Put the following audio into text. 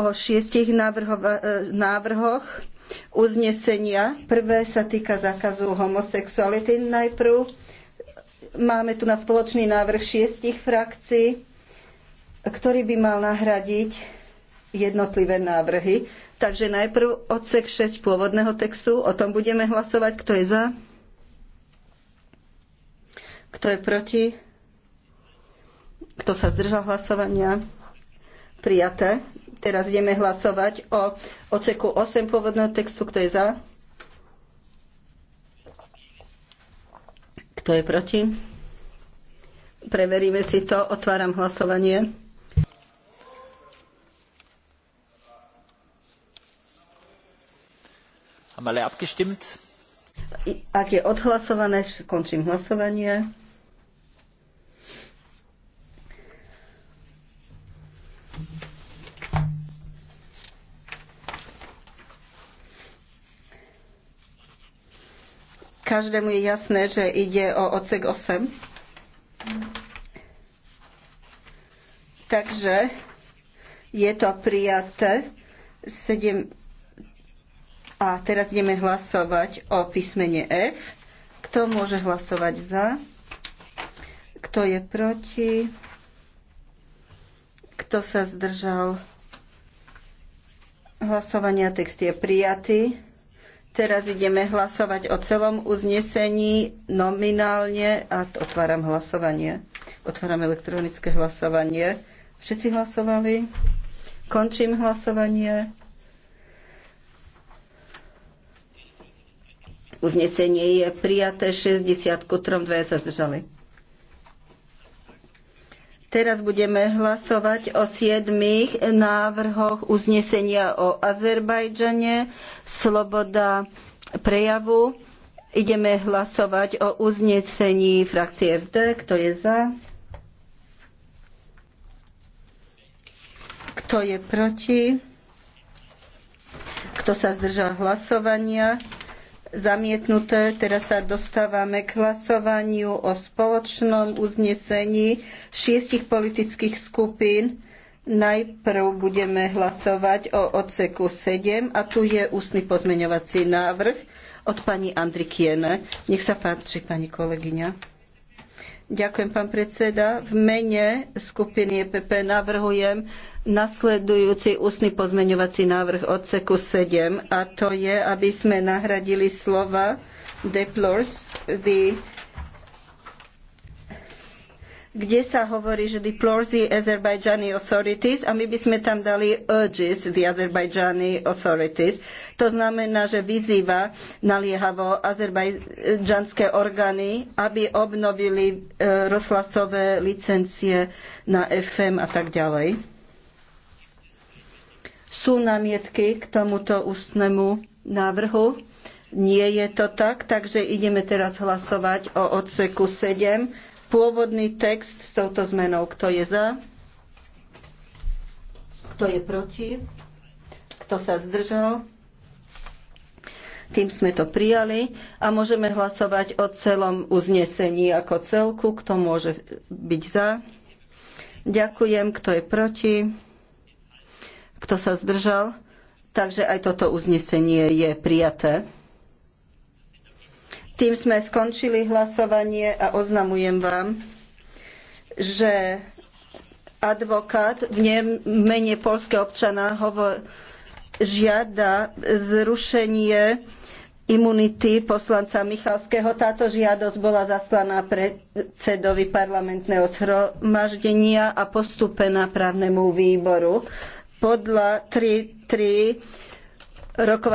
o šiestich e, návrhoch uznesenia. Prvé sa týka zákazu homosexuality najprv. Máme tu na spoločný návrh šiestich frakcií, ktorý by mal nahradiť jednotlivé návrhy. Takže najprv odsek 6 pôvodného textu, o tom budeme hlasovať. Kto je za? Kto je proti? Kto sa zdržal hlasovania? Prijaté. Teraz ideme hlasovať o oceku 8 pôvodného textu. Kto je za? Kto je proti? Preveríme si to. Otváram hlasovanie. Ak je odhlasované, končím hlasovanie. Každému je jasné, že ide o odsek 8. Takže je to prijaté 7. A teraz ideme hlasovať o písmene F. Kto môže hlasovať za? Kto je proti? Kto sa zdržal? Hlasovania text je prijatý. Teraz ideme hlasovať o celom uznesení nominálne a otváram hlasovanie. Otváram elektronické hlasovanie. Všetci hlasovali? Končím hlasovanie. Uznesenie je prijaté 60 ku dve 2 sa zdržali. Teraz budeme hlasovať o siedmých návrhoch uznesenia o Azerbajdžane, sloboda prejavu. Ideme hlasovať o uznesení frakcie FD. Kto je za? Kto je proti? Kto sa zdržal hlasovania? zamietnuté. Teraz sa dostávame k hlasovaniu o spoločnom uznesení šiestich politických skupín. Najprv budeme hlasovať o odseku 7 a tu je ústny pozmeňovací návrh od pani Andrikiene. Nech sa páči, pani kolegyňa. Ďakujem, pán predseda. V mene skupiny EPP navrhujem nasledujúci ústny pozmeňovací návrh odseku 7 a to je, aby sme nahradili slova deplores the kde sa hovorí, že deplores the Azerbaijani authorities a my by sme tam dali urges the Azerbaijani authorities. To znamená, že vyzýva naliehavo azerbajdžanské orgány, aby obnovili e, rozhlasové licencie na FM a tak ďalej. Sú námietky k tomuto ústnemu návrhu? Nie je to tak, takže ideme teraz hlasovať o odseku 7 Pôvodný text s touto zmenou. Kto je za? Kto je proti? Kto sa zdržal? Tým sme to prijali a môžeme hlasovať o celom uznesení ako celku. Kto môže byť za? Ďakujem. Kto je proti? Kto sa zdržal? Takže aj toto uznesenie je prijaté. Tým sme skončili hlasovanie a oznamujem vám, že advokát v mene polského občana hovo, žiada zrušenie imunity poslanca Michalského. Táto žiadosť bola zaslaná predsedovi parlamentného zhromaždenia a postupená právnemu výboru. Podľa 3.3 rokovania